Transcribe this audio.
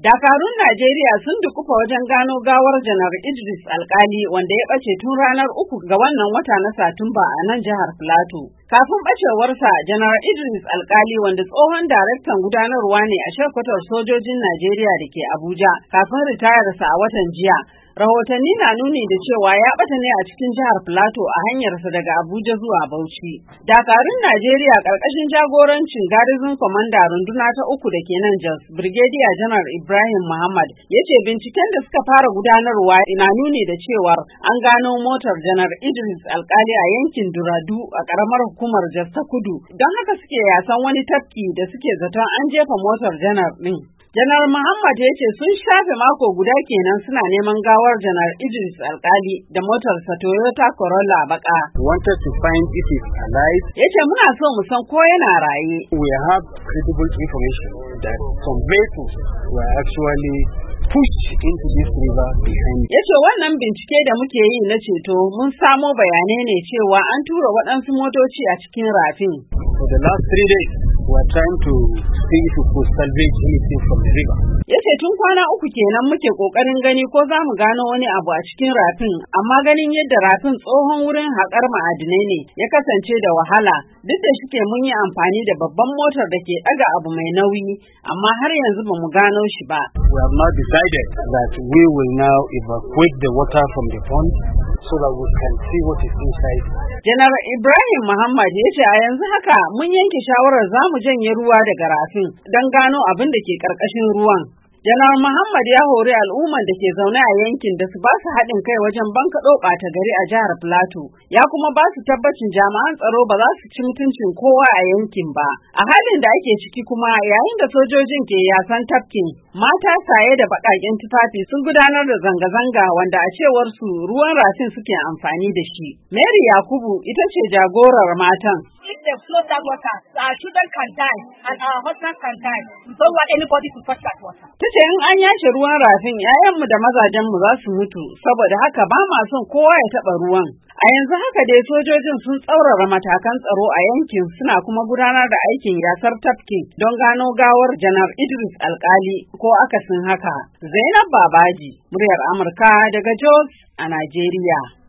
Dakarun Najeriya sun dukufa wajen gano gawar janar Idris Alkali wanda ya ɓace tun ranar uku ga wannan wata na Satumba a nan jihar Filato. Kafin bacewarsa, Janar Idris Alkali wanda tsohon daraktan gudanarwa ne a shakwatar sojojin Najeriya da ke Abuja kafin ritayarsa a watan jiya. Rahotanni na nuni da cewa ya bata ne a cikin jihar Plateau a hanyarsa daga Abuja zuwa Bauchi. Dakarun Najeriya ƙarƙashin jagorancin garizin kwamanda runduna ta uku da ke nan Jos, Brigadier Janar Ibrahim Muhammad ya ce binciken da suka fara gudanarwa na nuni da cewar an gano motar Janar Idris Alkali a yankin Duradu a ƙaramar hukumar jasta kudu don haka suke yasan wani tafki da suke zaton an jefa motar janar din. Janar Muhammad ya ce sun shafe mako guda kenan suna neman gawar Janar Idris Alkali da motarsa Toyota Corolla baka. Wanted to find if he's alive. Ya ce muna so mu san ko yana raye. We have credible information that some vehicles were actually pushed into this river behind. Ya ce wannan bincike da muke yi na ceto mun samo bayanai ne cewa an tura waɗansu motoci a cikin rafin. For the last three days, are trying to see if we could salvage anything from the river. Ya ce tun kwana uku kenan muke kokarin gani ko za mu gano wani abu a cikin rafin, amma ganin yadda rafin tsohon wurin haƙar ma'adinai ne ya kasance da wahala. Duk da shike mun yi amfani da babban motar da ke ɗaga abu mai nauyi, amma har yanzu ba mu gano shi ba. We have now decided that we will now evacuate the water from the pond so that we can see what is inside Janar Ibrahim Muhammad ya ce a yanzu haka mun yanke shawarar za mu janye ruwa daga rafin don gano abin da ke ƙarƙashin ruwan. Janar Muhammad ya hori al'ummar da ke zaune a yankin da su ba su haɗin kai wajen banka bankaɗo ta gari a jihar Filato, ya kuma ba su tabbacin jami'an tsaro ba za su ci mutuncin kowa a yankin ba. A halin da ake ciki kuma yayin da sojojin ke yasan tafkin, mata saye da baƙaƙen tufafi sun gudanar da zanga-zanga wanda a cewar su ruwan rafin suke amfani da shi. Mary Yakubu ita ce jagorar matan. them so that water. Our children can die and our husband can die. We don't want anybody to touch that water. Tushe in an yashe ruwan rafin ‘ya'yanmu da mazajenmu za su mutu saboda haka ba ma son kowa ya taɓa ruwan. A yanzu haka dai sojojin sun tsaurara matakan tsaro a yankin suna kuma gudanar da aikin yasar tafki don gano gawar janar Idris Alkali ko akasin haka. Zainab Babaji, muryar Amurka daga Jos a Najeriya.